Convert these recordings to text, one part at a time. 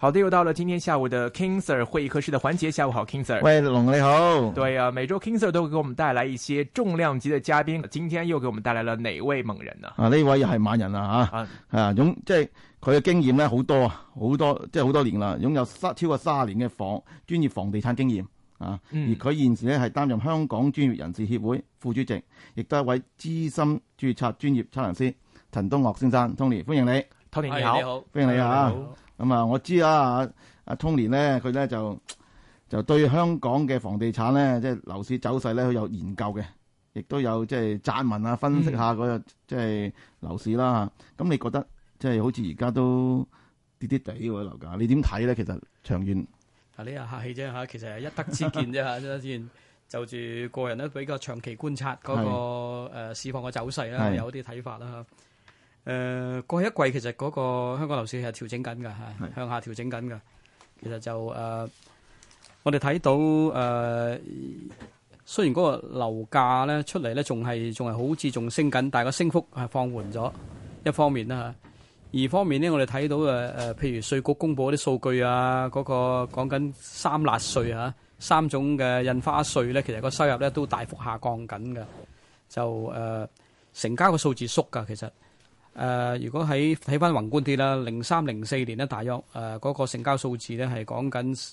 好的，又到了今天下午的 King Sir 會客室的環節。下午好，King Sir，喂，龍你好。對啊，每周 King Sir 都給我們帶來一些重量級的嘉賓，今天又給我們帶來了哪位，猛人，呢、啊、這位是猛人啊？啊，呢位又係猛人啦吓，啊，擁即係佢嘅經驗咧好多啊，好多即係好多年啦，擁有三超過三十年嘅房專業房地產經驗啊，嗯、而佢現時咧係擔任香港專業人士協會副主席，亦都係一位資深注冊專業測量師，陳東嶽先生，Tony 歡迎你，Tony 你，你好，歡迎你啊。Hi, 你咁、嗯、啊，我知啊，阿、啊、阿通年咧，佢咧就就對香港嘅房地產咧，即係樓市走勢咧，佢有研究嘅，亦都有即係撰文啊，分析下嗰個即係樓市啦。咁、嗯、你覺得即係好似而家都啲啲地喎樓價，你點睇咧？其實長遠啊，呢下客氣啫，其實係一得之見啫，即係就住個人都比較長期觀察嗰個市況嘅走勢啦，有啲睇法啦。誒、呃，過去一季其實嗰個香港樓市係調整緊嘅，係向下調整緊嘅。其實就誒、呃，我哋睇到誒、呃，雖然嗰個樓價咧出嚟咧，仲係仲係好似仲升緊，但係個升幅係放緩咗一方面啦。二、啊、方面呢，我哋睇到誒誒、呃，譬如稅局公布啲數據啊，嗰、那個講緊三辣稅啊，三種嘅印花稅咧，其實個收入咧都大幅下降緊嘅，就誒、呃、成交個數字縮噶，其實。誒、呃，如果喺睇翻宏觀啲啦，零三零四年呢，大約誒嗰、呃嗰個成交數字呢係講緊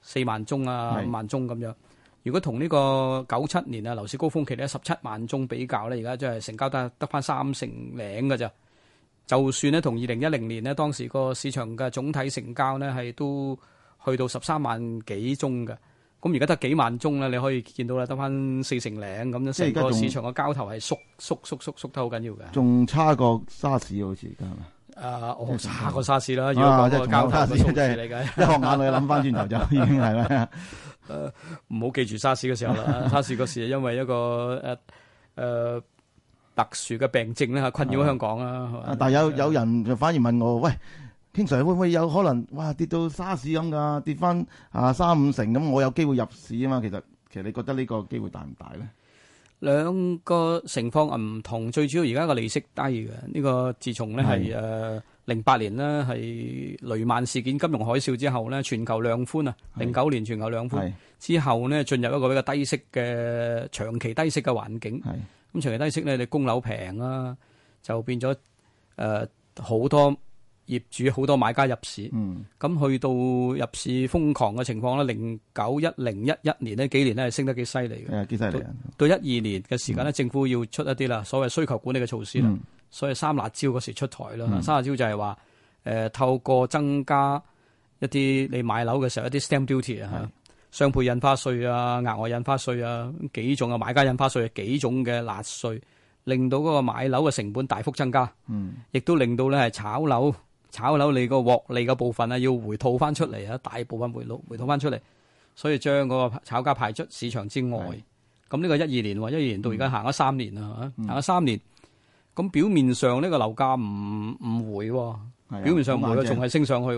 四萬宗啊，五萬宗咁樣。如果同呢個九七年啊樓市高峰期呢，十七萬宗比較呢，而家即係成交得得翻三成零㗎。咋就算呢，同二零一零年呢，當時個市場嘅總體成交呢，係都去到十三萬幾宗嘅。咁而家得幾萬宗啦，你可以見到啦，得翻四成零咁樣，成個市場個交投係縮縮縮縮縮，縮得好緊要嘅。仲差過沙士好似而家係嘛？差過沙士啦！如果講個交投真係一學眼淚諗翻轉頭就已經係啦。誒、 啊，唔好記住沙士嘅時候啦，沙士嗰時因為一個誒誒特殊嘅病症咧嚇困擾香港啦、啊。但係有、啊、有人就反而問我喂，經常會唔會有可能哇跌到沙士咁㗎，跌翻啊三五成咁，我有機會入市啊嘛。其實其實你覺得呢個機會大唔大咧？兩個情況啊唔同，最主要而家個利息低嘅呢個，自從咧係誒零八年呢係雷曼事件金融海嘯之後咧，全球量寬啊，零九年全球量寬之後呢，進入一個比較低息嘅長期低息嘅環境。係咁長期低息咧，你供樓平啦，就變咗誒好多。業主，好多買家入市，咁、嗯、去到入市瘋狂嘅情況咧，零九一零一一年呢幾年咧係升得幾犀利嘅。幾犀利。到一二年嘅時間咧、嗯，政府要出一啲啦，所謂需求管理嘅措施啦、嗯，所以三辣椒嗰時出台啦、嗯。三辣椒就係話、呃，透過增加一啲你買樓嘅時候一啲 stamp duty 啊，雙倍印花稅啊，額外印花稅啊，幾種啊買家印花稅啊幾種嘅納稅，令到嗰個買樓嘅成本大幅增加，亦、嗯、都令到咧係炒樓。炒樓你個獲利嘅部分啊，要回吐翻出嚟啊，大部分回路回吐翻出嚟，所以將嗰個炒價排出市場之外。咁呢個一二年喎，一二年到而家行咗三年啦，行咗三年。咁、嗯、表面上呢個樓價唔唔回，表面上冇啦，仲係升上去。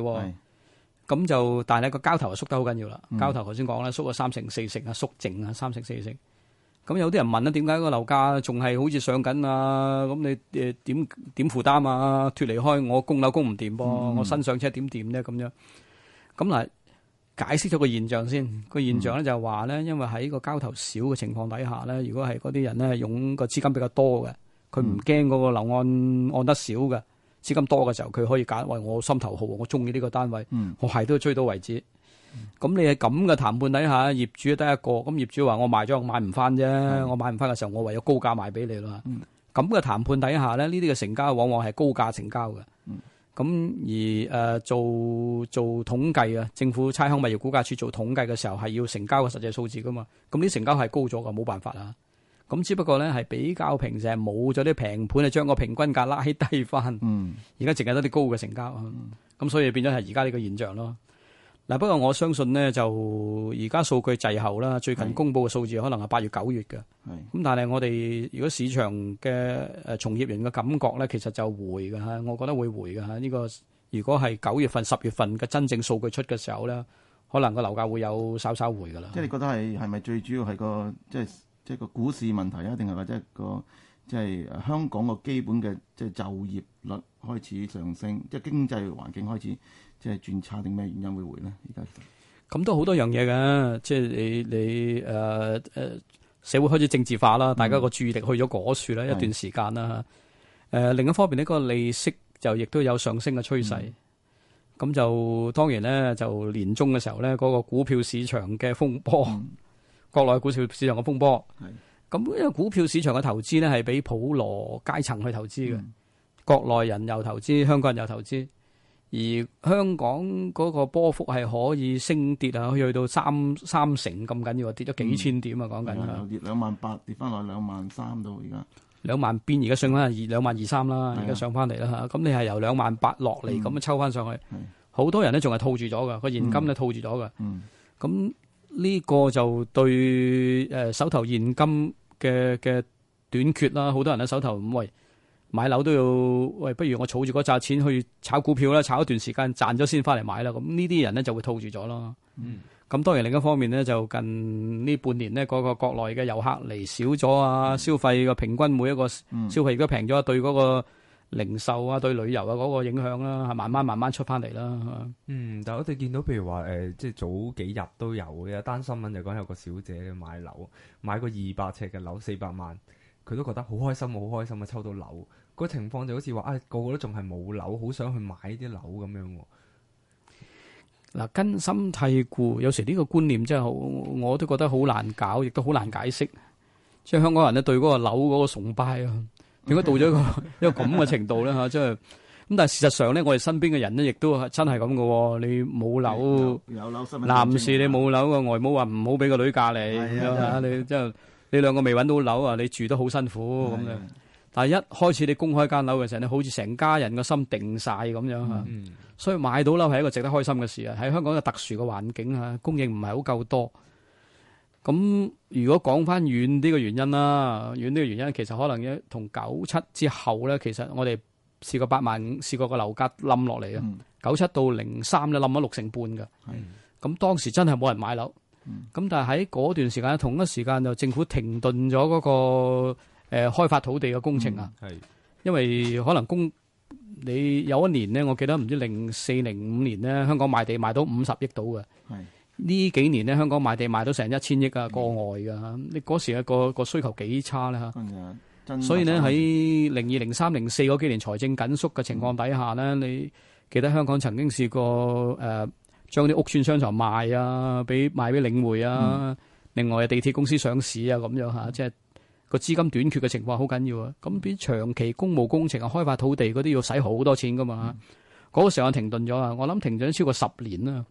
咁就但係呢個交投縮得好緊要啦。交頭頭先講啦，縮咗三成四成啊，縮淨啊，三成四成。咁有啲人問啦，點解個樓價仲係好似上緊啊？咁你點點負擔啊？脫離開我供樓供唔掂噃？我新上車點掂咧？咁樣咁嗱，解釋咗個現象先。個現象咧就係話咧，因為喺個交投少嘅情況底下咧，如果係嗰啲人咧用個資金比較多嘅，佢唔驚嗰個樓按按得少嘅、嗯、資金多嘅時候，佢可以揀喂，我心頭好，我中意呢個單位，嗯、我係都要追到為止。咁你係咁嘅談判底下，業主得一個，咁業主話我賣咗，我買唔翻啫。我買唔翻嘅時候，我唯有高價賣俾你啦。咁嘅談判底下咧，呢啲嘅成交往往係高價成交嘅。咁、嗯、而誒、呃、做做統計啊，政府差餉物業估價處做統計嘅時候係要成交嘅實際數字噶嘛。咁啲成交係高咗噶，冇辦法啊。咁只不過咧係比較平時，就係冇咗啲平盤啊，將個平均價拉低翻。而家淨係得啲高嘅成交，咁、嗯、所以變咗係而家呢個現象咯。嗱，不過我相信呢，就而家數據滯後啦。最近公佈嘅數字可能係八月九月嘅。係咁，但係我哋如果市場嘅誒從業員嘅感覺咧，其實就會㗎吓，我覺得會回㗎吓。呢、呢個如果係九月份、十月份嘅真正數據出嘅時候咧，可能個樓價會有稍稍回㗎啦。即係你覺得係係咪最主要係個即係即係個股市問題啊？定係或者個即係香港個基本嘅即係就業率開始上升，即係經濟環境開始。即係轉差定咩原因會回呢？而家咁都好多樣嘢嘅，即係你你誒誒、呃，社會開始政治化啦，大家個注意力去咗果樹啦、嗯，一段時間啦。誒、呃，另一方面呢嗰、那個利息就亦都有上升嘅趨勢。咁、嗯、就當然咧，就年中嘅時候咧，嗰、那個股票市場嘅風波，嗯、國內股票市場嘅風波。係咁，因為股票市場嘅投資咧，係俾普羅階層去投資嘅、嗯，國內人又投資，香港人又投資。而香港嗰個波幅係可以升跌啊，可以去到三三成咁緊要啊，跌咗幾千點啊，講緊啊，又跌兩萬八，跌翻落兩萬三到而家，兩萬邊而家上翻嚟二兩萬二三啦，而家上翻嚟啦嚇，咁你係由兩萬八落嚟咁樣抽翻上去，好多人咧仲係套住咗㗎，個現金咧套住咗㗎，咁呢個就對誒手頭現金嘅嘅短缺啦，好多人咧手頭唔為。買樓都要，喂，不如我儲住嗰紮錢去炒股票啦，炒一段時間賺咗先翻嚟買啦。咁呢啲人咧就會套住咗咯。咁、嗯、當然另一方面咧，就近呢半年呢，嗰個國內嘅遊客嚟少咗啊、嗯，消費嘅平均每一個消費而家平咗，對嗰個零售啊，對旅遊啊嗰個影響啦、啊，係慢慢慢慢出翻嚟啦。嗯，但係我哋見到譬如話，誒、呃，即係早幾日都有嘅，有單新聞就講有個小姐買樓，買個二百尺嘅樓四百萬。佢都覺得好開心，好開心啊！抽到樓，個情況就好似話啊，個個都仲係冇樓，好想去買啲樓咁樣喎。嗱，根深蒂固，有時呢個觀念真係好，我都覺得好難搞，亦都好難解釋。即係香港人咧對嗰個樓嗰個崇拜啊，點解到咗一個一個咁嘅程度咧？嚇，即係咁。但係事實上咧，我哋身邊嘅人咧，亦都係真係咁嘅。你冇樓，有樓，男士你冇樓個外母話唔好俾個女嫁你嚇，你即係。你兩個未揾到樓啊？你住得好辛苦咁樣。但係一開始你公開間樓嘅時候，你好似成家人個心定晒咁樣吓。嗯嗯，所以買到樓係一個值得開心嘅事啊！喺香港嘅特殊嘅環境吓，供應唔係好夠多。咁如果講翻遠啲嘅原因啦，遠啲嘅原因其實可能同九七之後咧，其實我哋試過八萬五，試過個樓價冧落嚟啊。九、嗯、七到零三咧冧咗六成半嘅。咁、嗯、當時真係冇人買樓。咁、嗯、但係喺嗰段時間同一時間就政府停頓咗嗰、那個、呃、開發土地嘅工程啊、嗯，因為可能公你有一年呢，我記得唔知零四零五年呢，香港賣地賣到五十億到嘅，呢幾年呢，香港賣地賣到成一千億個、嗯、啊，過外嘅，你嗰時啊個需求幾差咧、嗯、所以呢，喺零二零三零四嗰幾年財政緊縮嘅情況底下呢、嗯，你記得香港曾經試過、呃將啲屋邨商場賣啊，俾賣俾領匯啊。另外地鐵公司上市啊，咁樣嚇，即係個資金短缺嘅情況好緊要啊。咁比長期公務工程啊、開發土地嗰啲要使好多錢噶嘛。嗰、嗯、個時候停頓咗啊，我諗停頓超過十年啦。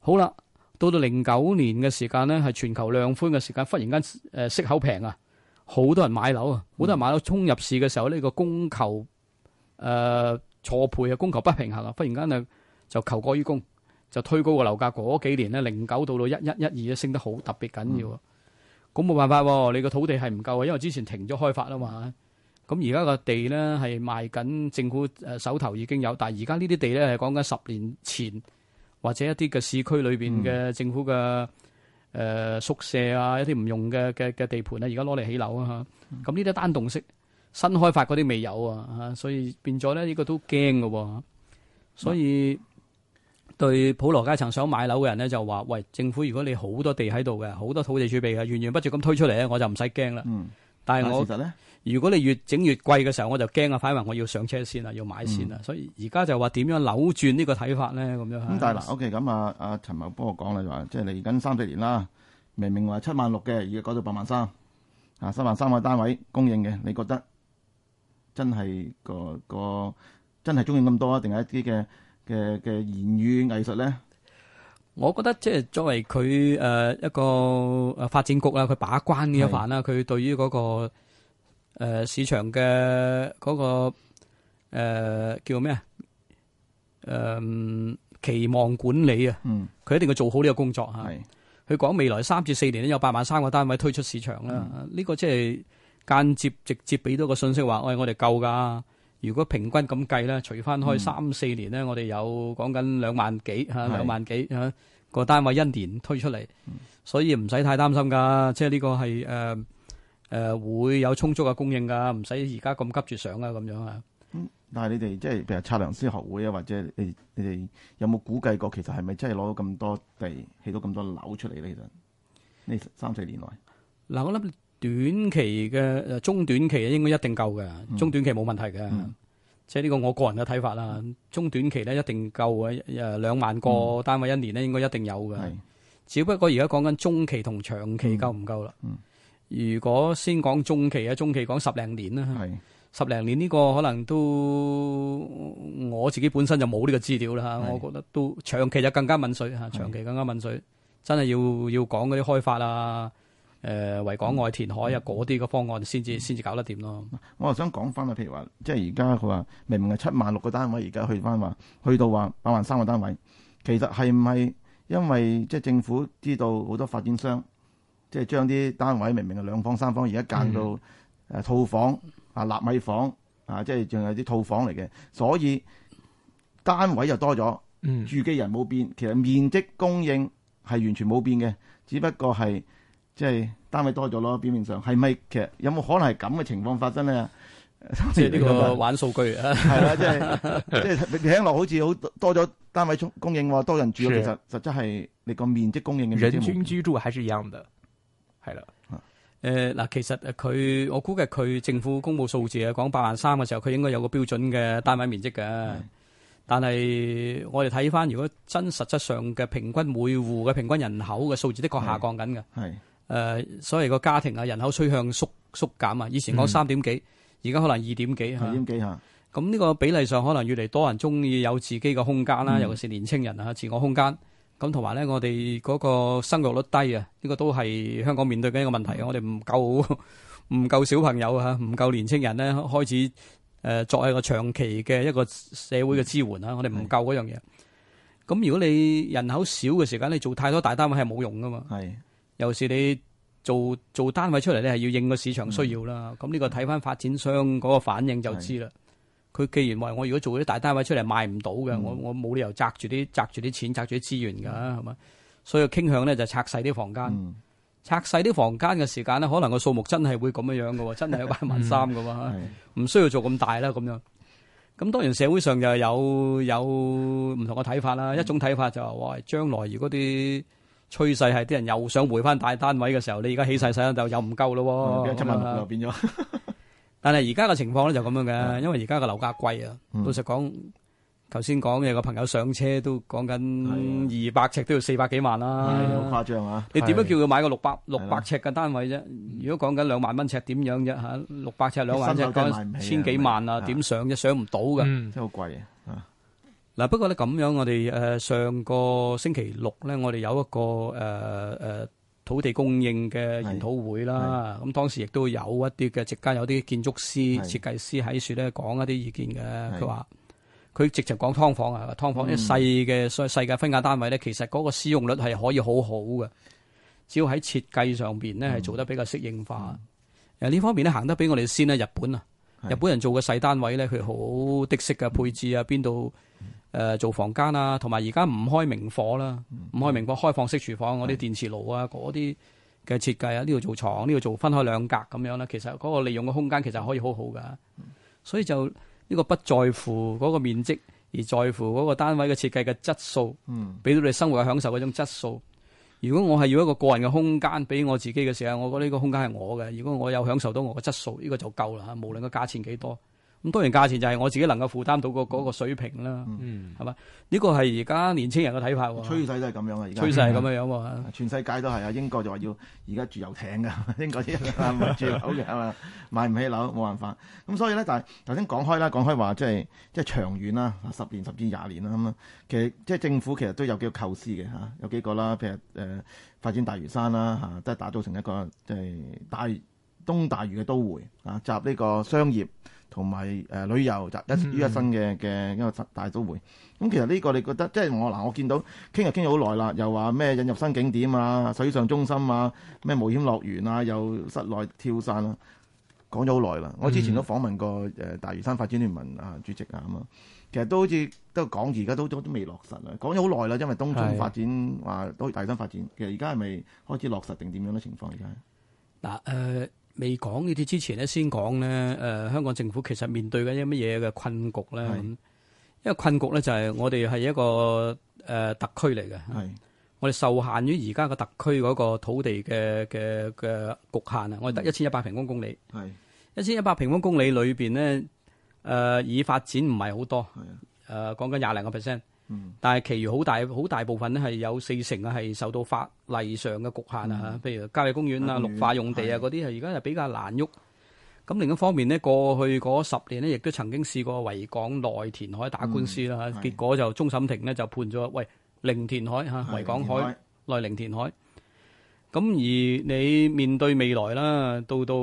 好啦，到到零九年嘅時間呢，係全球量寬嘅時間，忽然間誒息口平啊，好多人買樓啊，好、嗯、多人買樓衝入市嘅時候，呢、這個供求誒錯配啊，供求不平衡啊，忽然間就就求過於供。就推高個樓價嗰幾年咧，零九到到一一一二都升得好特別緊要，啊、嗯。咁冇辦法喎，你個土地係唔夠啊，因為之前停咗開發啊嘛，咁而家個地咧係賣緊政府誒手頭已經有，但係而家呢啲地咧係講緊十年前或者一啲嘅市區裏邊嘅政府嘅誒、嗯呃、宿舍啊，一啲唔用嘅嘅嘅地盤咧，而家攞嚟起樓啊嚇，咁呢啲單棟式新開發嗰啲未有啊嚇，所以變咗咧呢個都驚㗎喎，所以。嗯對普羅階層想買樓嘅人咧，就話，喂，政府如果你好多地喺度嘅，好多土地儲備嘅，源源不絕咁推出嚟咧，我就唔使驚啦。但係我其實咧，如果你越整越貴嘅時候，我就驚啊！反而我要上車先啦，要買先啦，嗯。所以而家就話點樣扭轉呢個睇法咧？咁，嗯，樣。咁但係 OK 咁啊，阿陳茂幫我講啦，就話即係嚟緊三四年啦，明明話七萬六嘅，而家改到八萬三啊，八萬三個單位供應嘅，你覺得真係個個真係中意咁多啊？定係一啲嘅？嘅嘅言語藝術咧，我覺得即係作為佢誒、呃、一個誒發展局啦，佢把關嘅一環啦，佢對於嗰、那個、呃、市場嘅嗰、那個誒、呃、叫咩啊？誒、呃、期望管理啊，佢、嗯、一定要做好呢個工作嚇。佢講未來三至四年都有八萬三個單位推出市場啦，呢、嗯啊，這個即係間接直接俾到個信息話，哎，我哋夠噶。如果平均咁計咧，除翻開三四年咧，我哋有講緊兩萬幾嚇，兩萬幾嚇個單位一年推出嚟，所以唔使太擔心㗎。即係呢個係誒誒會有充足嘅供應㗎，唔使而家咁急住上啊咁樣啊。嗯，但係你哋即係譬如測量師學會啊，或者你你哋有冇估計過其實係咪真係攞到咁多地起到咁多樓出嚟咧？其實呢三四年內，嗱我諗。短期嘅誒中短期應該一定夠嘅，中短期冇問題嘅，即係呢個我個人嘅睇法啦。中短期咧一定夠嘅，誒兩萬個單位一年咧應該一定有嘅。只不過而家講緊中期同長期夠唔夠啦？如果先講中期啊，中期講十零年啦，十零年呢個可能都我自己本身就冇呢個資料啦嚇。我覺得都長期就更加敏水嚇，長期更加敏水，真係要要講嗰啲開發啊。誒、呃、維港外填海啊，嗰啲個方案先至先至搞得掂咯。我又想講翻啊，譬如話，即係而家佢話明明係七萬六個單位，而家去翻話去到話八萬三個單位，其實係唔係因為即係政府知道好多發展商即係將啲單位明明係兩房三房，而家間到、嗯、套房啊、納米房啊，即係仲有啲套房嚟嘅，所以單位又多咗，住嘅人冇變、嗯，其實面積供應係完全冇變嘅，只不過係。即係單位多咗咯，表面上係咪其實有冇可能係咁嘅情況發生咧？即係呢個玩數據啊，係 啦，即係 即係是 聽落好似好多咗單位供應喎，多人住，其實實質係你個面積供應嘅。人均居住還是一樣嘅係啦，誒嗱、啊呃，其實佢我估計佢政府公布數字啊，講八萬三嘅時候，佢應該有個標準嘅單位面積嘅，但係我哋睇翻如果真實質上嘅平均每戶嘅平均人口嘅數字的確下降緊嘅，係。誒、呃，所謂個家庭啊，人口趨向縮縮減啊。以前講三點幾，而、嗯、家可能二點幾。二點幾吓。咁、啊、呢、嗯、個比例上可能越嚟多人中意有自己嘅空間啦、嗯，尤其是年青人啊，自我空間。咁同埋咧，我哋嗰個生育率低啊，呢個都係香港面對緊一個問題。嗯、我哋唔夠唔夠小朋友吓，唔夠年青人咧，開始誒、呃、作為一個長期嘅一個社會嘅支援啊、嗯。我哋唔夠嗰樣嘢。咁如果你人口少嘅時間，你做太多大單位係冇用噶嘛。係。又是你做做單位出嚟咧，係要應個市場需要啦。咁呢個睇返發展商嗰個反應就知啦。佢既然話我如果做啲大單位出嚟賣唔到嘅，我我冇理由紮住啲紮住啲錢，紮住啲資源噶，係、嗯、嘛？所以傾向咧就是、拆細啲房間、嗯，拆細啲房間嘅時間咧，可能個數目真係會咁樣樣噶，真係百萬三噶嘛，唔、嗯、需要做咁大啦咁樣。咁當然社會上又有有唔同嘅睇法啦、嗯。一種睇法就話、是、將來如果啲……趨勢係啲人又想回翻大單位嘅時候，你而家起晒曬就又唔夠咯喎。又、嗯、變咗。 但係而家嘅情況咧就咁樣嘅，因為而家嘅樓價貴啊、嗯。老實講，頭先講有個朋友上車都講緊二百尺都要四百幾萬啦。係好誇張啊！你點樣叫佢買個六百六百尺嘅單位啫？如果講緊兩萬蚊尺點樣啫？嚇，六百尺兩萬尺千幾萬啊？點上啫？上唔到嘅，真係好貴啊！啊。嗱，不過咧咁樣，我哋誒上個星期六咧，我哋有一個誒誒、呃、土地供應嘅研討會啦。咁當時亦都有一啲嘅直間有啲建築師、設計師喺處咧講一啲意見嘅。佢話佢直情講劏房啊，劏房啲細嘅世世界分價單位咧，其實嗰個使用率係可以很好好嘅，只要喺設計上邊咧係做得比較適應化。誒、嗯、呢、嗯、方面咧行得比我哋先啊，日本啊。日本人做嘅細單位咧，佢好的式嘅配置啊，邊度誒做房間啊？同埋而家唔開明火啦，唔開明火，開放式廚房，嗰啲電磁爐啊，嗰啲嘅設計啊，呢度做床，呢度做分開兩格咁樣啦，其實嗰個利用嘅空間其實可以好好噶，所以就呢個不在乎嗰個面積，而在乎嗰個單位嘅設計嘅質素，俾到你生活享受嗰種質素。如果我係要一個個人嘅空間俾我自己嘅時候，我覺得呢個空間係我嘅。如果我有享受到我嘅質素，呢個就夠啦。無論個價錢幾多。咁當然價錢就係我自己能夠負擔到嗰個水平啦，係、嗯、嘛？呢個係而家年青人嘅睇法喎。趨勢都係咁樣啊，趨勢係咁樣樣喎。全世界都係啊，英國就話要而家住遊艇㗎， 英國住啊，買唔起樓嘅係嘛，買唔起樓冇辦法。咁所以咧，但係頭先講開啦，講開話即係即係長遠啦，十年十至廿年啦，咁其實即、就是、政府其實都有叫構思嘅有幾個啦，譬如誒、呃、發展大嶼山啦嚇，都、啊、係打造成一個即係大東大嶼嘅都會啊，集呢個商業。同埋誒旅遊集一於一身嘅嘅一個大都會，咁、嗯、其實呢個你覺得即係我嗱，我見到傾又傾咗好耐啦，又話咩引入新景點啊、水上中心啊、咩冒險樂園啊、又室內跳傘啊。講咗好耐啦。我之前都訪問過、嗯呃、大嶼山發展聯盟啊主席啊咁啊，其實都好似都講而家都都未落實啊，講咗好耐啦，因為東涌發展話都、啊、大嶼山發展，其實而家係咪開始落實定點樣嘅情況而家？嗱、呃未講呢啲之前咧，先講咧，誒，香港政府其實面對緊一啲乜嘢嘅困局咧，因為困局咧就係、是、我哋係一個誒、呃、特區嚟嘅，我哋受限於而家嘅特區嗰個土地嘅嘅嘅局限啊，我哋得一千一百平方公里，一千一百平方公里裏邊咧，誒、呃，已發展唔係好多，誒，講緊廿零個 percent。嗯、但係其餘好大好大部分咧，係有四成啊，係受到法例上嘅局限啊、嗯，譬如郊野公園啊、嗯、綠化用地啊嗰啲係而家係比較難喐。咁另一方面呢過去嗰十年呢亦都曾經試過維港內填海打官司啦、嗯，結果就終審庭呢就判咗，喂，零填海吓，維港海內零填海。咁而你面對未來啦，到到。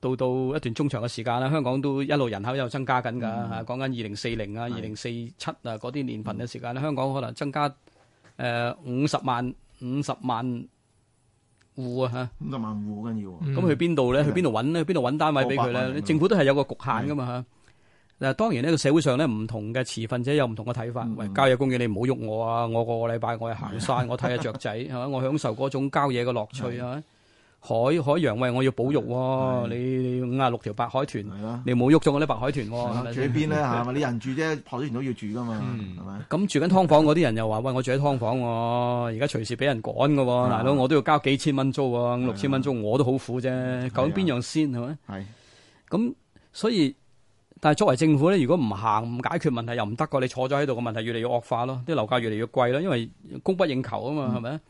到到一段中長嘅時間啦，香港都一路人口又增加緊噶吓，講緊二零四零啊、二零四七啊嗰啲年份嘅時間咧，香港可能增加誒五十萬五十萬戶啊吓，五十萬戶好緊要啊！咁去邊度咧？去邊度搵咧？去邊度搵單位俾佢咧？政府都係有個局限噶嘛吓。嗱，當然咧，個社會上咧唔同嘅持份者有唔同嘅睇法。喂，郊野公園你唔好喐我啊！我個個禮拜我係行山，我睇下雀仔係嘛，我享受嗰種郊野嘅樂趣啊！海海洋，喂，我要保育喎、啊。你五啊六條白海豚，你冇喐咗我啲白海豚喎、啊。住邊咧，係咪？你人住啫，白海豚都要住噶嘛，係、嗯、咪？咁住緊湯房劏房嗰啲人又話喂，我住喺劏房、啊，而家隨時俾人趕噶、啊，大佬我都要交幾千蚊租、啊、租，五六千蚊租我都好苦啫。講邊樣先係咪？係。咁所以，但係作為政府咧，如果唔行唔解決問題又，又唔得過你坐咗喺度，個問題越嚟越惡化咯。啲樓價越嚟越貴啦，因為供不應求啊嘛，係、嗯、咪？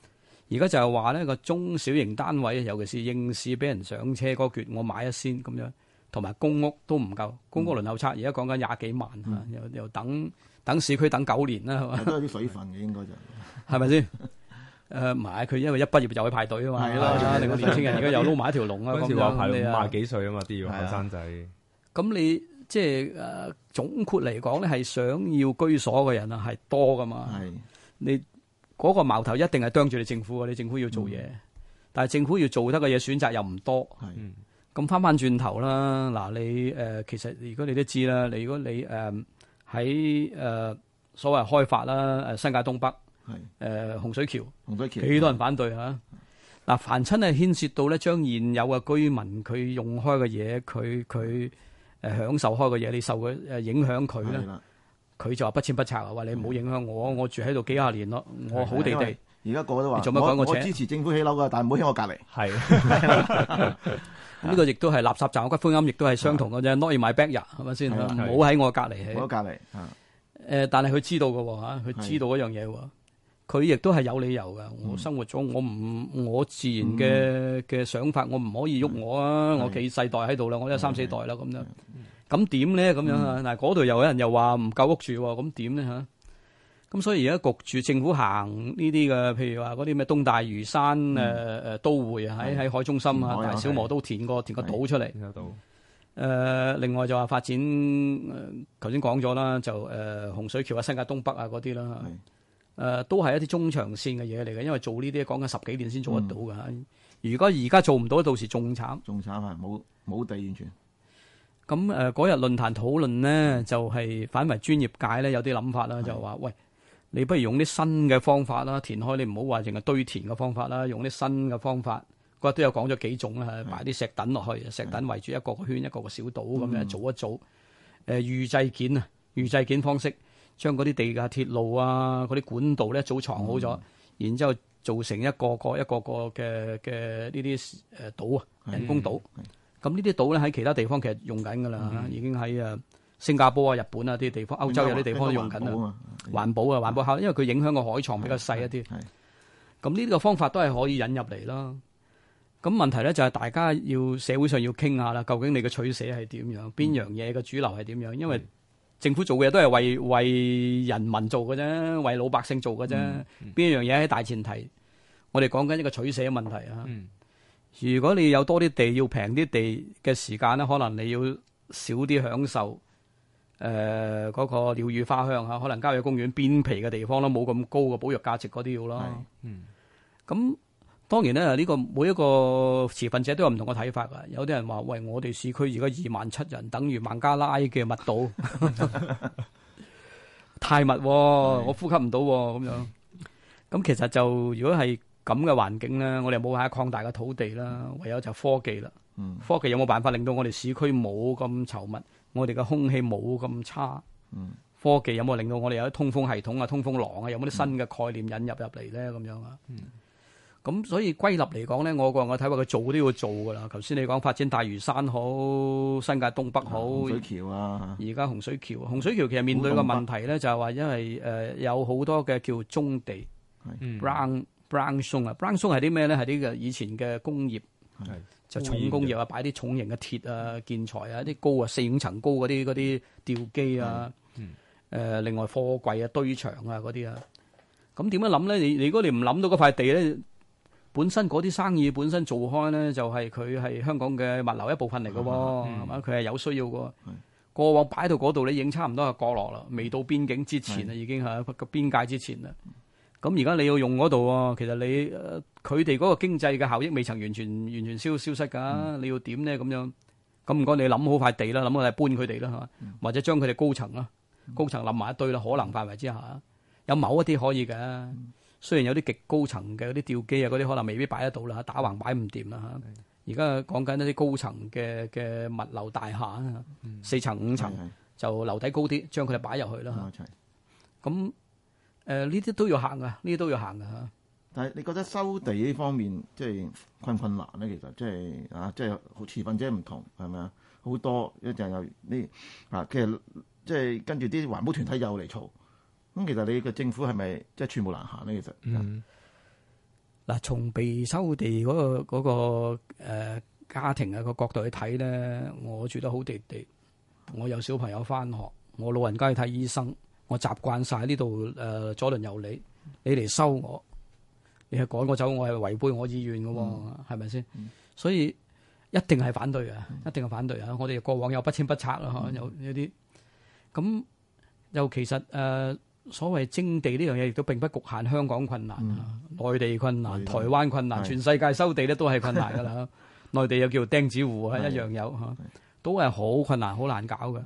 而家就係話呢個中小型單位尤其是應試俾人上車嗰橛，我買一先咁樣，同埋公屋都唔夠，公屋輪候冊而家講緊廿幾萬、嗯、啊，又又等等市區等九年啦，係、嗯、嘛？都有啲水分嘅應該就係咪先？誒唔係佢因為一畢業就去排隊啊嘛。係另外年輕人而家又撈埋一條龍啊咁樣。嗰時話排五廿幾歲啊嘛啲要後生仔。咁你即係誒總括嚟講咧，係想要居所嘅人啊係多㗎嘛？係你。嗰個矛頭一定係啄住你政府啊！你政府要做嘢，嗯、但係政府要做得嘅嘢選擇又唔多。係咁翻翻轉頭啦，嗱你其實如果你都知啦，你如果你喺誒所謂開發啦新界東北，洪水橋，洪水橋幾多人反對嚇？嗱，凡親係牽涉到咧，將現有嘅居民佢用開嘅嘢，佢佢享受開嘅嘢，你受佢影響佢咧。佢就話不遷不拆，話你唔好影響我，嗯、我住喺度幾廿年咯，我好地地。而家個都話我我，我支持政府起樓㗎，但唔好喺我隔離。係，呢、 嗯嗯這個亦都係垃圾站我骨灰龕亦都係相同嘅啫。Not in my backyard 係咪先？唔好喺我隔離。喺我隔離、啊。但係佢知道嘅喎，佢知道嗰樣嘢喎。佢亦都係有理由嘅。我生活咗，我唔我自然嘅嘅、嗯、想法，我唔可以喐我啊！我幾世代喺度啦，我有三四代啦咁樣。咁點咧？咁樣啊，嗱、嗯，嗰度又有人又話唔夠屋住，咁點咧吓？咁所以而家焗住政府行呢啲嘅，譬如話嗰啲咩東大嶼山誒誒、嗯呃、都會啊，喺喺海中心啊，大小磨都填個填個島出嚟。誒、呃，另外就話發展，頭先講咗啦，就誒、呃、洪水橋啊，新界東北啊嗰啲啦，誒、呃、都係一啲中長線嘅嘢嚟嘅，因為做呢啲講緊十幾年先做得到噶、嗯。如果而家做唔到，到時仲慘。仲慘啊！冇冇地完全。咁誒嗰日論壇討論咧，就係、是、反為專業界咧有啲諗法啦，就話喂，你不如用啲新嘅方法啦，填開你唔好話淨係堆填嘅方法啦，用啲新嘅方法，嗰日都有講咗幾種啦，擺啲石凳落去，石凳圍住一個個圈，一個個小島咁樣做一做，誒、呃、預製件啊，預製件方式，將嗰啲地下鐵路啊、嗰啲管道咧早藏好咗，然之後做成一個個一個個嘅嘅呢啲誒島啊，人工島。是的是的。咁呢啲島咧喺其他地方其實用緊㗎喇，已經喺啊新加坡啊、日本啊啲地方、歐洲有啲地方用緊啦。環保啊，環保效，因為佢影響個海床比較細一啲。咁呢個方法都係可以引入嚟啦。咁問題咧就係大家要社會上要傾下啦，究竟你嘅取捨係點樣？邊樣嘢嘅主流係點樣？因為政府做嘅嘢都係為為人民做嘅啫，為老百姓做嘅啫。邊樣嘢係大前提？我哋講緊一個取捨問題啊。如果你有多啲地，要平啲地嘅時間咧，可能你要少啲享受，誒、呃、嗰、嗰個鳥語花香嚇，可能郊野公園邊皮嘅地方咯，冇咁高嘅保育價值嗰啲要啦。嗯，咁當然咧，呢、呢個每一個持份者都有唔同嘅睇法啊。有啲人話喂，我哋市區而家二萬七人，等於孟加拉嘅密度， 太密，我呼吸唔到咁樣，咁其實就如果係。咁嘅環境咧，我哋冇下擴大嘅土地啦、嗯，唯有就科技啦、嗯。科技有冇辦法令到我哋市區冇咁稠密，我哋嘅空氣冇咁差、嗯？科技有冇令到我哋有啲通風系統啊、通風廊啊，有冇啲新嘅概念引入入嚟咧？咁樣啊？咁、嗯、所以歸納嚟講咧，我個人嘅睇法，佢做都要做噶啦。頭先你講發展大嶼山好，新界東北好，啊、洪水橋啊，而家洪水橋洪水橋其實面對個問題咧，就係話因為有好多嘅叫中地 brown、嗯嗯 Brown 松啊，Brown 松係啲咩咧？係啲嘅以前嘅工業，是就是、重工業啊，擺啲重型嘅鐵啊、建材啊、啲高啊、四五層高嗰啲嗰啲吊機啊，誒、嗯嗯呃，另外貨櫃啊、堆場啊嗰啲啊。咁點樣諗咧？你如果你唔諗到嗰塊地咧，本身嗰啲生意本身做開咧，就係佢係香港嘅物流一部分嚟嘅喎，嘛、嗯？佢係有需要嘅。過往擺到度嗰度，已經差唔多係角落啦，未到邊境之前啊，已經係個邊界之前啦。咁而家你要用嗰度喎，其實你，佢哋嗰個經濟嘅效益未曾完全完全消消失㗎、嗯，你要點咧咁樣？咁唔該，你諗好塊地啦，諗下你搬佢哋啦嚇，或者將佢哋高層啦、嗯，高層冧埋一堆啦，可能範圍之下有某一啲可以嘅、嗯，雖然有啲極高層嘅嗰啲吊機啊嗰啲可能未必擺得到啦嚇，打橫擺唔掂啦嚇。而家講緊一啲高層嘅嘅物流大廈啊，四層、嗯、五層就樓底高啲，將佢哋擺入去啦咁誒呢啲都要行噶，呢啲都要行噶嚇。但係你覺得收地呢方面，即係困唔困難咧？其實即係啊，即係好持份者唔同係咪啊？好多一陣又呢啊，其實即係跟住啲環保團體又嚟嘈。咁其實你個政府係咪即係全部難行咧？其實嗱，從被收地嗰個嗰個誒家庭嘅個角度去睇咧，我住得好地地，我有小朋友翻學，我老人家去睇醫生。我習慣曬呢度左鄰右里，呃、右你嚟收我，你係趕我走，我係違背我意願嘅喎，係咪先？所以一定係反對嘅、嗯，一定係反對嚇。我哋過往有不遷不拆咯、嗯，有呢啲咁又其實、呃、所謂徵地呢樣嘢，亦都並不局限香港困難、嗯，內地困難、台灣困難，全世界收地咧都係困難㗎啦。內地又叫做釘子戶係一樣有都係好困難、好難搞㗎。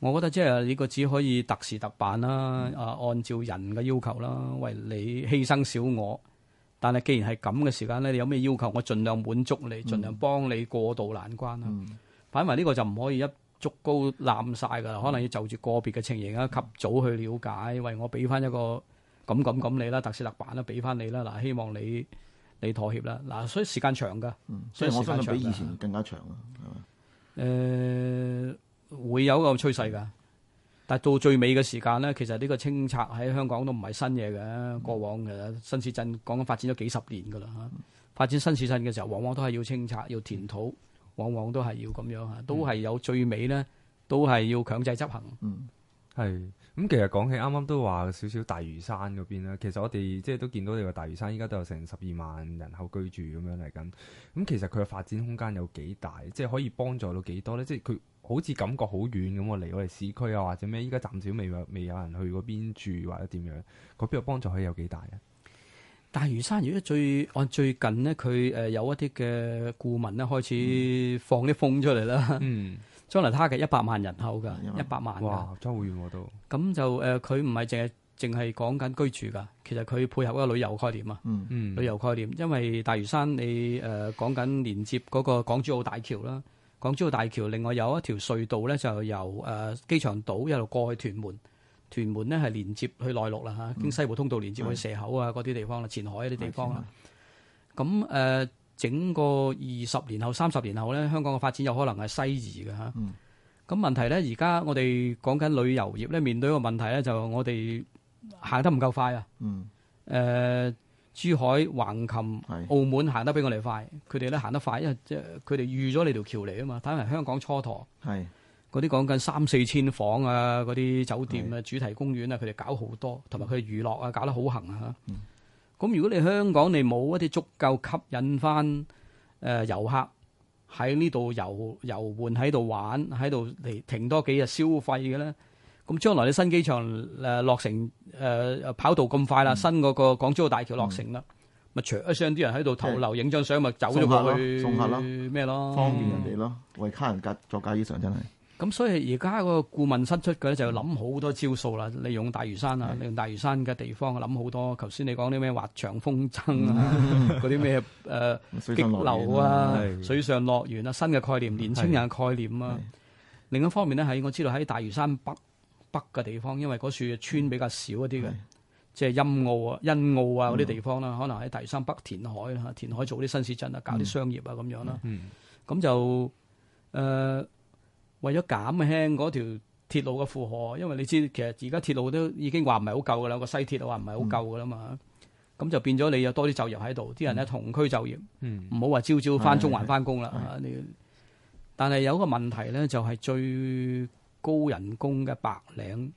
我覺得即係呢個只可以特事特辦啦，啊，按照人嘅要求啦，為你犧牲小我，但係既然係咁嘅時間咧，你有咩要求，我盡量滿足你，盡量幫你過渡難關啦、嗯。反為呢個就唔可以一足高攬曬噶，可能要就住個別嘅情形啊，及早去了解，為我俾翻一個咁咁咁你啦，特事特辦啦，俾翻你啦。嗱，希望你你妥協啦。嗱，所以時間長噶、嗯，所以我相信比以前更加長啊。係嘛？誒。會有一個趨勢噶，但係到最尾嘅時間咧，其實呢個清拆喺香港都唔係新嘢嘅，過往嘅新市鎮講緊發展咗幾十年噶啦吓，發展新市鎮嘅時候，往往都係要清拆，要填土，往往都係要咁樣吓，都係有最尾咧，都係要強制執行。嗯，係，咁其實講起啱啱都話少少大嶼山嗰邊啦，其實我哋即係都見到你話大嶼山依家都有成十二萬人口居住咁樣嚟緊，咁其實佢嘅發展空間有幾大，即係可以幫助到幾多咧，即係佢。好似感覺好遠咁，離我嚟我哋市區啊，或者咩？依家暫時未有，未有人去嗰邊住或者點樣？嗰邊有幫助可以有幾大啊？大嶼山如果最按最近呢，佢誒有一啲嘅顧問咧開始放啲風出嚟啦、嗯。嗯，將來他嘅一百萬人口嘅、嗯嗯、一百萬嘅哇，好遠喎都。咁就誒，佢唔係淨係淨係講緊居住㗎，其實佢配合一個旅遊概念啊。嗯嗯，旅遊概念，因為大嶼山你誒講緊連接嗰個港珠澳大橋啦。港珠澳大橋，另外有一條隧道咧，就由誒、呃、機場島一路過去屯門，屯門咧係連接去內陸啦，哈、嗯，經西部通道連接去蛇口啊，嗰、嗯、啲地方啦、嗯，前海嗰啲地方啦。咁、啊、誒、呃，整個二十年後、三十年後咧，香港嘅發展有可能係西移嘅吓。咁、嗯、問題咧，而家我哋講緊旅遊業咧，面對一個問題咧，就我哋行得唔夠快啊。嗯。誒、呃。珠海橫琴、澳門行得比我哋快，佢哋咧行得快，因為即係佢哋預咗你條橋嚟啊嘛。睇嚟香港蹉跎，嗰啲講緊三四千房啊，嗰啲酒店啊、主題公園啊，佢哋搞好多，同埋佢娛樂啊搞得好行啊。咁、嗯、如果你香港你冇一啲足夠吸引翻誒遊客喺呢度遊遊玩喺度玩喺度嚟停多幾日消費嘅咧？咁將來你新機場、呃、落成、呃、跑道咁快啦、嗯，新嗰個港珠澳大橋落成啦，咪一啲人喺度投流影、就是、張相，咪走過去咩咯？方便人哋咯，為客人格作嫁衣裳真係。咁所以而家個顧問新出嘅咧，就要諗好多招數啦。利用大嶼山啊，利用大嶼山嘅地方諗好多。頭先你講啲咩滑翔風箏啊，嗰啲咩誒激流啊，水上樂園啊，新嘅概念，年青人嘅概念啊。另一方面咧，係我知道喺大嶼山北。北嘅地方，因為嗰處村比較少一啲嘅，即係陰澳啊、欣澳啊嗰啲地方啦、嗯，可能喺第三北、填海啦、填海做啲新市鎮啊，搞啲商業啊咁、嗯、樣啦。咁、嗯、就誒、呃，為咗減輕嗰條鐵路嘅負荷，因為你知道其實而家鐵路都已經話唔係好夠㗎喇，個西鐵路話唔係好夠㗎喇嘛。咁、嗯、就變咗你有多啲就業喺度，啲人咧、嗯、同區就業，唔好話朝朝返中環返工啦。但係有一個問題咧，就係、是、最。高人工嘅白領、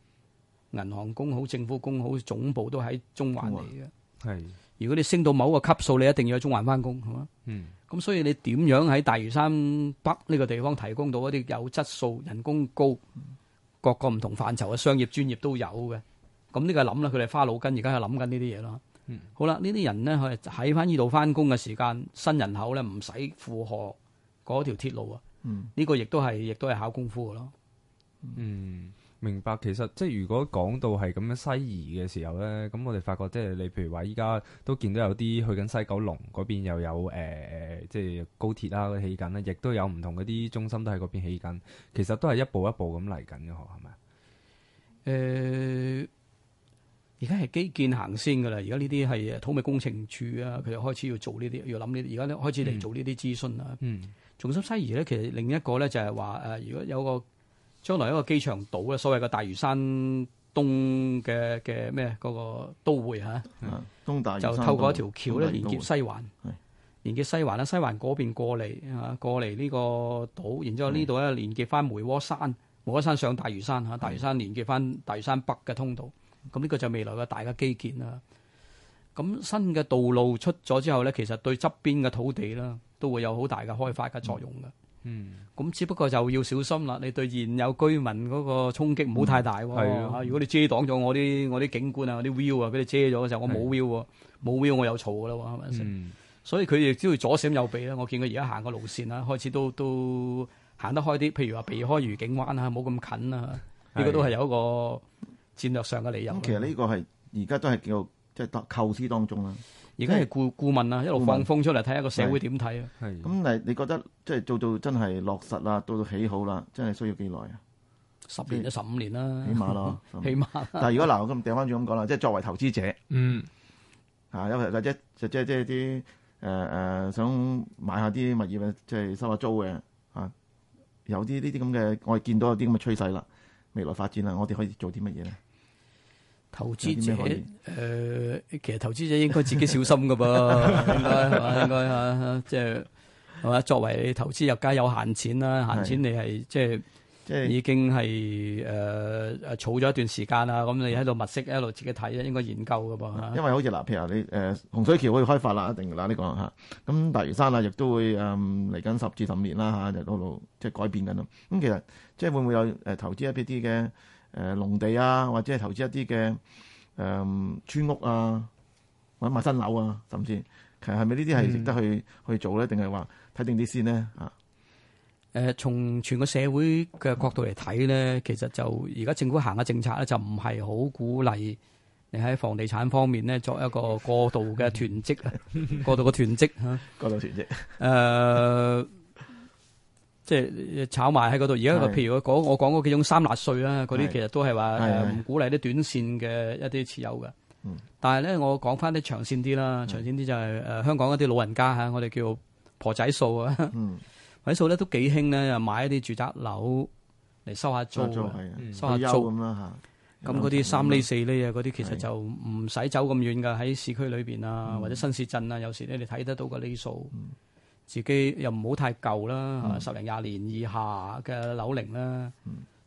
銀行工好，政府工好，總部都喺中環嚟嘅。係，如果你升到某個級數，你一定要喺中環翻工，係嘛？嗯。咁所以你點樣喺大嶼山北呢個地方提供到一啲有質素、人工高、嗯、各個唔同範疇嘅商業專業都有嘅？咁呢個諗啦，佢哋花腦筋，而家係諗緊呢啲嘢咯。嗯。好啦，這些呢啲人咧佢係喺翻呢度翻工嘅時間，新人口咧唔使負荷嗰條鐵路啊。嗯。呢、呢個亦都係，亦都係考功夫嘅咯。嗯，明白。其實即係如果講到係咁樣西移嘅時候咧，咁我哋發覺即係你譬如話依家都見到有啲去緊西九龍嗰邊又有誒、呃，即係高鐵啦、啊，起緊咧，亦都有唔同嗰啲中心都喺嗰邊起緊。其實都係一步一步咁嚟緊嘅，嗬，係咪？誒、呃，而家係基建行先噶啦。而家呢啲係土木工程署啊，佢就開始要做呢啲，要諗呢。而家咧開始嚟做呢啲諮詢啦。嗯，重心西移咧，其實另一個咧就係話誒，如果有個。將來一個機場島咧，所謂嘅大嶼山東嘅嘅咩嗰個都會嚇，就透過一條橋咧連接西環，連接西環啦，西環嗰邊過嚟嚇，過嚟呢個島，然之後呢度咧連接翻梅窩山，梅窩山上大嶼山嚇，大嶼山連接翻大嶼山北嘅通道，咁呢個就係未來嘅大嘅基建啦。咁新嘅道路出咗之後咧，其實對側邊嘅土地啦，都會有好大嘅開發嘅作用嘅。嗯嗯，咁只不過就要小心啦。你對現有居民嗰個衝擊唔好太大喎、哦。啊、嗯，如果你遮擋咗我啲我啲景觀啊，啲 view 啊俾你遮咗嘅時候，我冇 view 喎，冇 view 我又嘈噶啦，係咪先？所以佢亦都要左閃右避啦。我見佢而家行個路線啦，開始都都行得開啲。譬如話避開愉景灣啊，冇咁近啊。呢、這個都係有一個戰略上嘅理由。其實呢個係而家都係叫即係當構思當中啦。而家係顧顧問啦，一路放風出嚟睇下個社會點睇啊！咁誒，你覺得即係、就是、做到真係落實啦，到到起好啦，真係需要幾耐啊？十年，年、十五年啦，起碼咯， 起碼。但係如果嗱，我咁掟翻轉咁講啦，即係作為投資者，嗯，啊，因為或者即係即係啲誒誒想買下啲物業嘅，即係收下租嘅，啊，有啲呢啲咁嘅，我係見到有啲咁嘅趨勢啦，未來發展啦，我哋可以做啲乜嘢咧？投資者誒、呃，其實投資者應該自己小心嘅噃， 應該係應該即係係嘛？作為投資入街有閒錢啦，閒錢你係即係即係已經係誒誒儲咗一段時間啦，咁、嗯、你喺度物色一路自己睇咧，應該研究嘅噃。因為好似嗱，譬如你誒、呃、洪水橋可以開發啦，一定嗱你講吓。咁大嶼山啊，亦都會誒嚟緊十至十五年啦嚇、啊，就都都即係改變緊咯。咁其實即係、就是、會唔會有誒、呃、投資一啲啲嘅？誒、呃、農地啊，或者係投資一啲嘅誒村屋啊，或者買新樓啊，甚至其實係咪呢啲係值得去、嗯、去做咧？定係話睇定啲先呢？啊！誒、呃，從全個社會嘅角度嚟睇咧，其實就而家政府行嘅政策咧，就唔係好鼓勵你喺房地產方面咧作一個過度嘅囤積啊， 過度嘅囤積嚇、啊，過度囤積誒、呃。 即係炒埋喺嗰度，而家譬如我講嗰幾種三辣稅啦，嗰啲是其實都係話唔鼓勵啲短線嘅一啲持有嘅。是是是但係咧，我講翻啲長線啲啦，是是長線啲就係、是、誒、呃、香港一啲老人家嚇、啊，我哋叫婆仔數啊，婆仔數咧都幾興咧，又買一啲住宅樓嚟收，下租，收下租，嗯、收下租咁啦嚇。咁嗰啲三厘四厘啊，嗰啲、嗯、其實就唔使走咁遠噶，喺市區裏邊啊，或者新市鎮啊，有時咧你睇得到個釐數。嗯嗯自己又唔好太舊啦、嗯，十零廿年以下嘅樓齡啦，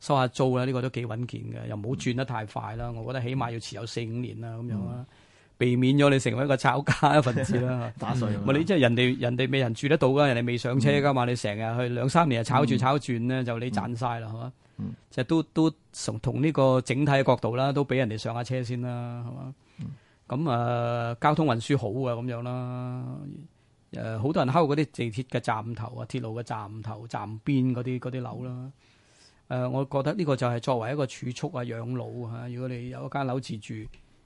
收下租啦，呢、呢個都幾穩健嘅、嗯，又唔好轉得太快啦。我覺得起碼要持有四五年啦，咁、嗯、樣啦，避免咗你成為一個炒家份子啦。 打碎，唔、嗯、係你即係人哋、嗯、人哋未人住得到嘅，人哋未上車噶嘛、嗯。你成日去兩三年就炒住炒轉咧、嗯，就你賺晒啦，係、嗯、嘛、嗯？就都都從同呢個整體嘅角度啦，都俾人哋上下車先啦，係嘛？咁、嗯、啊、呃，交通運輸好啊，咁樣啦。誒、呃、好多人溝嗰啲地鐵嘅站頭啊，鐵路嘅站頭、站邊嗰啲啲樓啦。誒、呃，我覺得呢個就係作為一個儲蓄啊、養老啊。如果你有一間樓自住，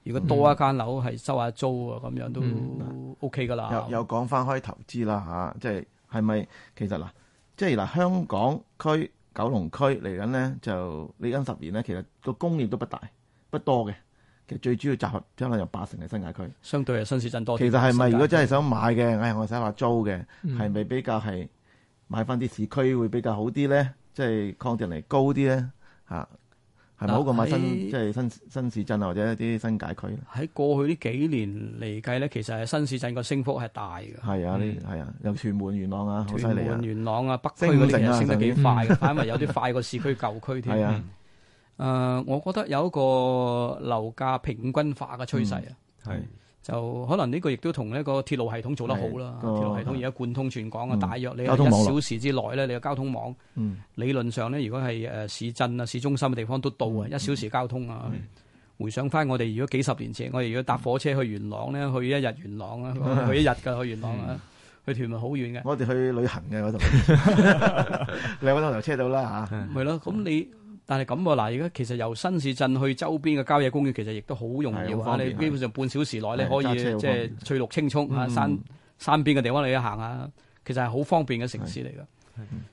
如果多一間樓係收下租、嗯這嗯嗯、啊，咁樣都 OK 噶啦。又又講翻開投資啦吓，即係係咪其實嗱，即係嗱香港區、九龍區嚟緊咧，就呢間十年咧，其實個供應都不大不多嘅。最主要集合將來有八成嘅新界區，相對係新市鎮多。其實係咪？如果真係想買嘅，唉、哎，我唔使話租嘅，係、嗯、咪比較係買翻啲市區會比較好啲咧？即、就、係、是、抗跌能力高啲咧？嚇係咪好過買新即係、啊、新、就是、新，新市鎮或者一啲新界區。喺過去呢幾年嚟計咧，其實係新市鎮個升幅係大嘅。係啊，啲、嗯、係啊，由屯門元朗啊，好犀利啊！屯門、啊、元朗啊，北區嗰啲升得幾快， 反為有啲快過市區舊區添。係啊！嗯誒、呃，我覺得有一個樓價平均化嘅趨勢啊，係、嗯、就可能呢個亦都同呢個鐵路系統做得好啦、啊。鐵路系統而家貫通全港啊、嗯，大約你一小時之內咧、嗯，你個交通網，嗯、理論上咧，如果係誒市鎮啊、市中心嘅地方都到啊、嗯，一小時交通啊。嗯、回想翻我哋如果幾十年前，嗯、我哋如果搭火車去元朗咧，去一日元朗啊，去一日噶去元朗啊，去屯門好遠嘅。我哋去旅行嘅嗰度，你喺 兩個鐘頭車到啦吓。係、啊、咯，咁 你？ 但係咁啊，嗱，而家其實由新市鎮去周邊嘅郊野公園，其實亦都好容易啊，你基本上半小時內咧可以，即係翠綠青葱、嗯、啊，山山邊嘅地方你一行下，其實係好方便嘅城市嚟噶。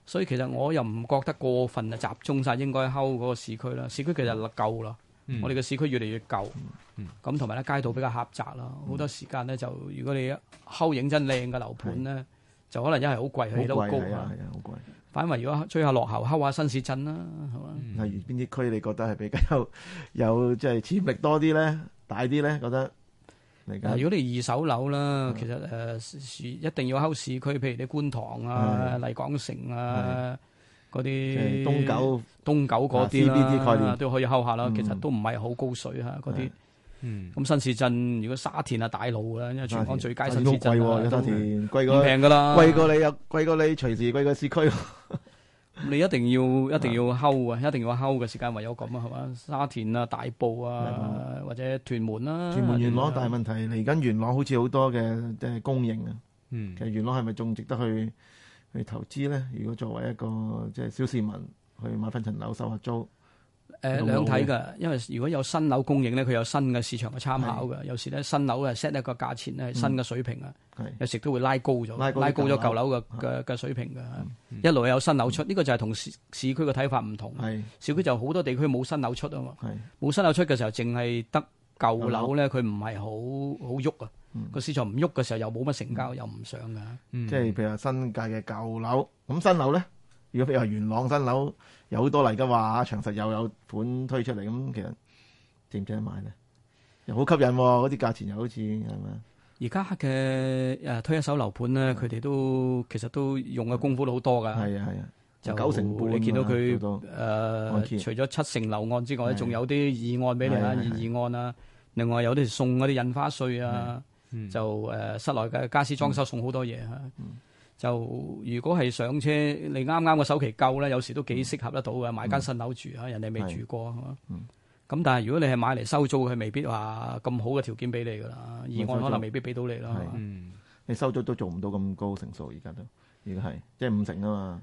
所以其實我又唔覺得過分啊，集中晒應該喺嗰個市區啦。市區其實夠啦、嗯，我哋嘅市區越嚟越舊。咁同埋咧，嗯、街道比較狹窄啦，好、嗯、多時間咧就如果你喺，影真靚嘅樓盤咧，就可能因為好貴，起得好高啊。擺埋如果吹下落後敲下新市鎮啦，係嘛？例如邊啲區你覺得係比較有即係、就是、潛力多啲咧、大啲咧？覺得如果你二手樓啦、嗯，其實、呃、一定要敲市區，譬如你觀塘啊、麗、嗯、港城啊嗰啲、嗯就是、東九東九嗰啲、啊、都可以敲下啦、嗯。其實都唔係好高水啊，嗰啲。嗯嗯。嗯，咁新市鎮如果沙田啊大路啊，因為全港最佳新市鎮，貴喎沙田，貴、啊、過，平噶啦，貴過你啊貴過你，隨時貴過市區。嗯、 你一定要一定要慳啊，一定要慳嘅時間唯有咁啊，係嘛？沙田啊大埔啊，或者屯門啦、啊，屯門元朗，大問題嚟緊、嗯、元朗好似好多嘅即係供應啊、嗯。其實元朗係咪仲值得去去投資咧？如果作為一個即係、就是、小市民去買份層樓收下租？誒兩睇嘅，因為如果有新樓供應咧，佢有新嘅市場嘅參考嘅。有時咧新樓嘅 set 一個價錢咧係新嘅水平啊、嗯，有時都會拉高咗，拉高咗舊樓嘅嘅嘅水平嘅。一路有新樓出，呢、呢個就係同市市區嘅睇法唔同。市區就好多地區冇新樓出啊嘛，冇新樓出嘅時候，淨係得舊樓咧，佢唔係好好喐啊。個、嗯、市場唔喐嘅時候，又冇乜成交，又唔上嘅。即係譬如新界嘅舊樓，咁新樓咧，如果譬如話元朗新樓。有好多嚟噶話，長實又有盤推出嚟，咁其實值唔值得買咧？又好吸引喎、啊，嗰啲價錢又好似係咪啊？而家嘅推一手樓盤咧，佢哋都其實都用嘅功夫都好多噶。係啊係啊，就九成半，半，你見到佢除咗七成樓按之外，仲有啲二按俾你啦，二按啊。另外有啲送嗰啲印花稅啊，就誒、嗯、室內嘅家私裝修送好多嘢就如果係上車，你啱啱個首期夠咧，有時都幾適合得到嘅，買間新樓住吓、嗯，人哋未住過，咁、嗯、但係如果你係買嚟收租，佢未必話咁好嘅條件俾你噶啦，二按可能未必俾到你啦。你收租都做唔到咁高成數，而家都而家係即係五成啊嘛。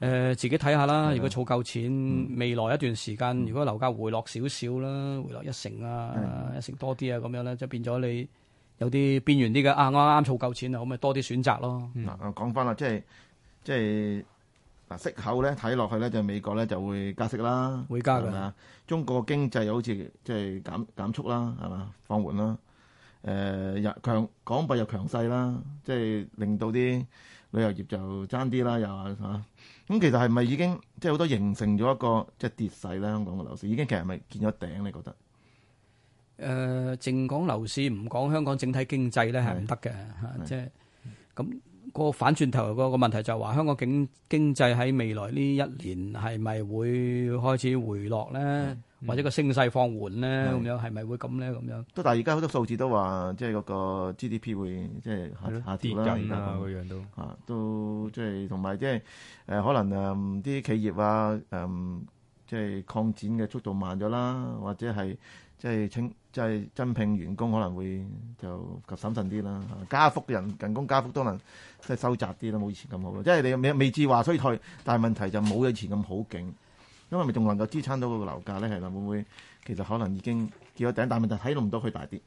誒、呃，自己睇下啦。如果儲夠錢、嗯，未來一段時間、嗯，如果樓價回落少少啦，回落一成啊，一成多啲啊，咁樣咧，就變咗你。有啲邊緣啲嘅啱啱啱儲夠錢啦，咁咪多啲選擇咯。嗱、嗯，講翻啦，即係即係嗱，息口咧睇落去咧，就係美國咧就會加息啦，會加嘅。中國經濟又好似即係減、減速啦，係嘛放緩啦。又、呃、強港幣又強勢啦，即係令到啲旅遊業就爭啲啦，又嚇。咁、啊、其實係咪已經即係好多形成咗一個即係跌勢咧？香港嘅樓市已經其實係咪見咗頂你覺得？誒、呃，淨講樓市唔講香港整體經濟咧，係唔得嘅，吓，即係咁個反轉頭，個個問題就係話香港經經濟喺未來呢一年係咪會開始回落咧，或者個升勢放緩咧，咁樣係咪會咁咧？咁樣都但係而家好多數字都話，即係嗰個 GDP 會即係、即係、下、下跌啦，咁樣都吓、啊、都即係同埋即係誒，可能誒啲、嗯、企業啊，誒即係擴展嘅速度慢咗啦，或者係即係清。即係增聘員工可能會就及審慎啲啦。加幅人人工加幅都能即係收窄啲啦，冇以前咁好。即係你未未至話衰退，但係問題就冇以前咁好勁。因為咪仲能夠支撐到個樓價咧？係咪會唔會其實可能已經見到頂？大問題睇到唔到佢大跌。誒、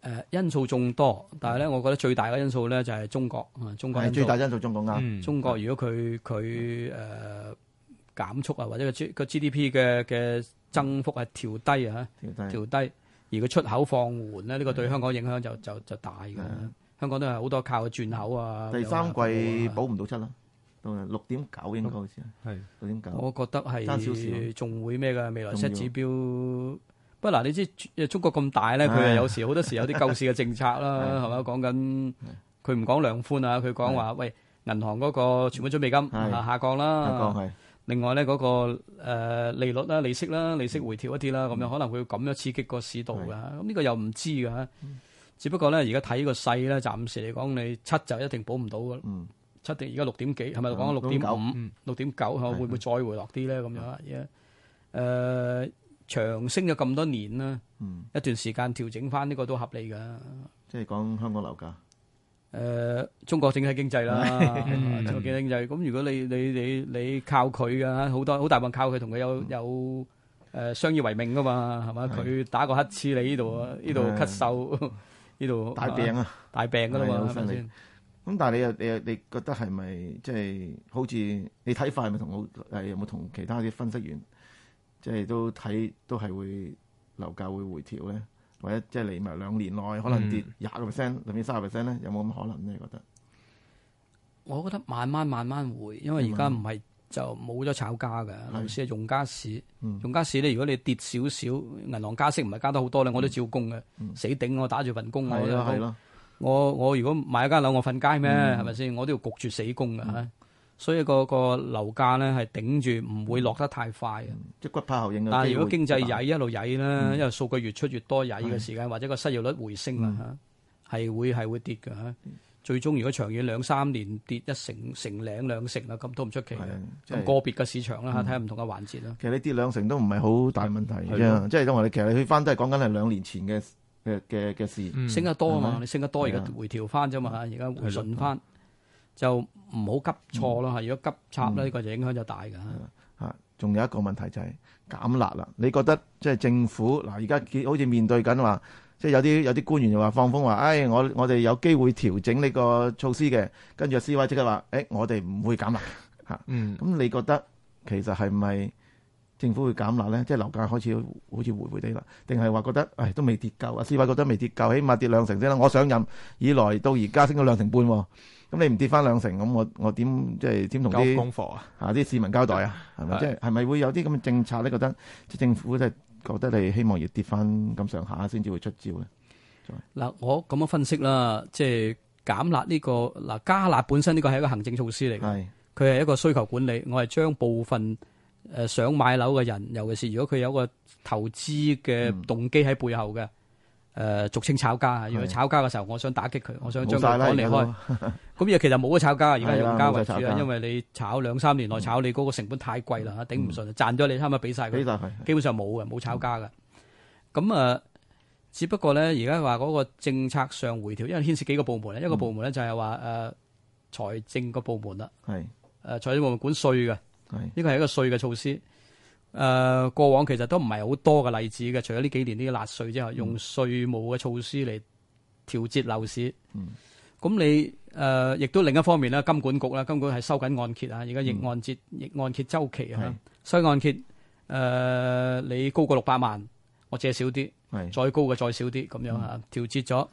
呃、因素眾多，但係咧，我覺得最大嘅因素咧就係、是、中國中國的最大因素中國啊、嗯！中國如果佢佢誒減速啊，或者個 GDP 嘅嘅增幅係調低啊，調低。調低而個出口放緩咧，呢、呢個對香港影響就就就大嘅。香港都係好多靠嘅轉口啊。第三季保唔到七啦，六點九應該好似係六點九。6，我覺得係少仲會咩㗎？未來七指標不過嗱？你知中國咁大咧，佢有時好多時有啲救市嘅政策啦，係咪？講緊佢唔講量寬啊，佢講話喂，銀行嗰個存款準備金下降啦。下降係。另外咧，嗰個利率啦、利息啦、利息回調一啲啦，咁樣可能會咁樣刺激個市道㗎。咁呢個又唔知㗎，只不過咧，而家睇個勢咧，暫時嚟講你七就一定保唔到㗎。七定而家六點幾？係咪講六點五？六點九？會唔會再回落啲咧？咁樣，而家誒長升咗咁多年啦，嗯、一段時間調整翻呢個都合理㗎。即係講香港樓價。誒、呃，中國整體經濟啦，中 國、啊、整體經濟咁，如果你你你你靠佢嘅，好多好大部分靠佢，同、嗯、佢有有誒相依為命噶嘛，係嘛？佢打個乞嗤你呢度，呢、嗯、度咳嗽，呢度大病啊，啊，大病噶啦嘛，係咪先？咁但係你又你你覺得係咪即係好似你睇法係咪同我誒有冇同其他啲分析員即係、就是、都睇都係會樓價會回調咧？或者即係嚟埋兩年內，可能跌廿個 percent 甚至三十 percent 咧，有冇咁可能咧？覺得？我覺得慢慢慢慢回，因為而家唔係就冇咗炒家㗎。尤其用家市。嗯、用家市咧，如果你跌少少，銀行加息唔係加得好多咧、嗯，我都照供嘅、嗯，死頂我打住份工啊！咯係我、係咯、我，我如果買一間樓，我瞓街咩？係咪先？我都要焗住死供㗎。嗯所以個個樓價咧係頂住，唔會落得太快、嗯。即骨牌效應。但係如果經濟曳一路曳咧，因為數據越出越多曳嘅時間，或者個失業率回升、嗯、啊，嚇係會係會跌嘅、啊、最終如果長遠兩三年跌一成、成兩成啊，咁都唔出奇嘅。咁、就是、個別嘅市場啦，睇下唔同嘅環節啦。其實你跌兩成都唔係好大問題啫，即係當我哋其實你去翻都係講緊係兩年前嘅嘅嘅嘅事，升得多啊嘛，你升得多而家回調翻啫嘛，而家回穩翻。就唔好急錯咯嚇，如果急插咧呢、嗯這個就影響就大㗎嚇。仲、嗯嗯、有一個問題就係減辣啦。你覺得即係政府嗱，而家好似面對緊話，即係有啲有啲官員就話放風話，誒、哎、我我哋有機會調整呢個措施嘅。跟住 CY 即刻話，誒、欸、我哋唔會減辣嚇。咁、嗯嗯嗯、你覺得其實係咪？政府會減辣咧，即係樓價開始好似回回地啦，定係話覺得誒都未跌夠啊？市場覺得未跌夠，起碼跌兩成先啦。我上任以來到而家升咗兩成半，咁你唔跌翻兩成，咁我我點即係點同啲交功課啊？嚇啲市民交代啊？係咪即係係咪會有啲咁嘅政策咧？覺得政府即係覺得你希望要跌翻咁上下先至會出招咧？嗱，我咁樣分析啦，即係減辣呢個嗱加辣本身呢個係一個行政措施嚟嘅，佢係一個需求管理，我係將部分。誒、呃，想買樓嘅人，尤其是如果佢有一個投資嘅動機喺背後嘅，誒、嗯呃，俗稱炒家啊。如果炒家嘅時候，我想打擊佢，我想將佢趕離開。咁又 其實冇得炒家，而家用家為主啊。因為你炒兩三年內炒，嗯、你嗰個成本太貴啦，頂唔順，賺、嗯、咗你，差唔多俾晒佢。基本上冇嘅，冇炒家嘅。咁、嗯、啊、呃，只不過咧，而家話嗰個政策上回調，因為牽涉幾個部門咧、嗯。一個部門咧就係話誒財政個部門啦，係誒財政部門管稅嘅。呢個係一個稅嘅措施，誒、呃、過往其實都唔係好多嘅例子嘅，除咗呢幾年呢啲辣稅之後，用稅務嘅措施嚟調節樓市。咁、嗯、你誒、呃、亦都另一方面咧，金管局咧，金管局係收緊按揭啊，而家逆按揭、嗯、逆按揭周期啊，所以按揭誒、呃、你高過六百萬，我借少啲，再高嘅再少啲，咁樣啊、嗯、調節咗。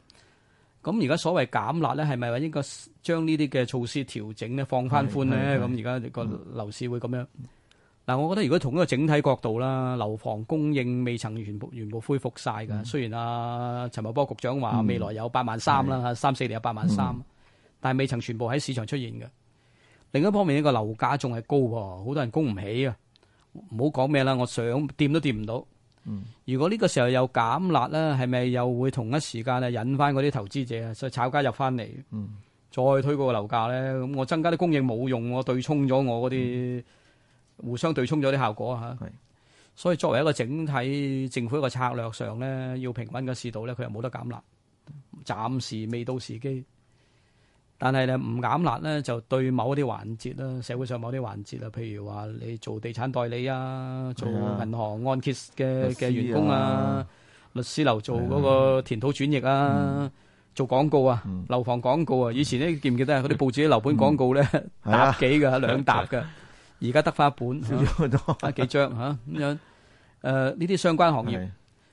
咁而家所謂減辣咧，係咪話應該將呢啲嘅措施調整咧，放翻寬咧？咁而家個樓市會咁樣？嗱，我覺得如果從一個整體角度啦，樓房供應未曾全部全部恢復曬㗎。雖然啊，陳茂波局長話未來有八萬三啦，三四年有八萬三，但係未曾全部喺市場出現嘅。另一方面，呢個樓價仲係高喎，好多人供唔起啊！唔好講咩啦，我想掂都掂唔到。嗯、如果呢個時候又減辣咧，係咪又會同一時間咧引翻嗰啲投資者啊，所以炒家入翻嚟，嗯，再推過個樓價咧，咁我增加啲供應冇用，我對沖咗我嗰啲，嗯、互相對沖咗啲效果吓。所以作為一個整體政府一個策略上咧，要平穩嘅市道咧，佢又冇得減辣，暫時未到時機。但係咧唔減辣咧，就對某啲環節啦，社會上某啲環節啦，譬如話你做地產代理啊，做銀行按揭嘅嘅、啊、員工啊，律師、啊、律師樓做嗰個田土轉譯啊，啊，做廣告啊，樓、嗯、房廣告啊，嗯、以前咧記唔記得本、嗯、 啊？嗰啲報紙啲樓盤廣告咧，搭幾㗎嚇，兩沓㗎，而家得翻一本，得、啊、幾張嚇咁樣。誒、啊，呢、呃、啲相關行業。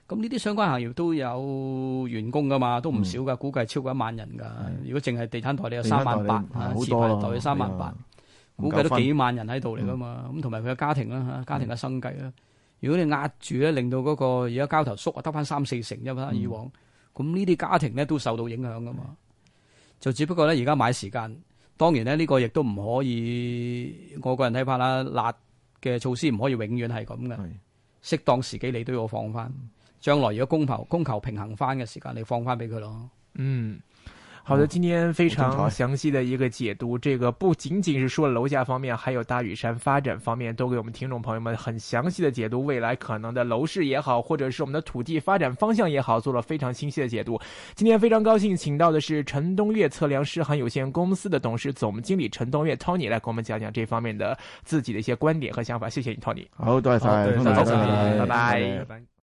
咁呢啲相關行業都有員工噶嘛，都唔少噶、嗯，估計超過一萬人噶、嗯。如果淨係地產代理有三萬八，啊，持牌代理三萬八，估計都幾萬人喺度嚟噶嘛。咁同埋佢嘅家庭啦、嗯，家庭嘅生計啦、嗯。如果你壓住咧，令到嗰、那個而家交頭縮啊，得返三四成，得返以往，咁呢啲家庭咧都受到影響噶嘛、嗯。就只不過咧，而家買時間。當然咧，呢、這個亦都唔可以，我個人睇法啦，辣嘅措施唔可以永遠係咁嘅，適當時機你都要放返。嗯。將來如果供求供求平衡翻嘅時間，你放翻給佢咯。嗯，好的，今天非常詳細的一個解讀，哦、這個不僅僅是說了樓價方面，還有大嶼山發展方面，都給我們聽眾朋友們很詳細的解讀未來可能的樓市也好，或者是我們的土地發展方向也好，做了非常清晰的解讀。今天非常高興請到的是陳東岳測量師行有限公司的董事總經理陳東岳 Tony，來給我們講講這方面的自己的一些觀點和想法。謝謝你，Tony。好，多謝晒，再、哦、見，拜拜。拜拜。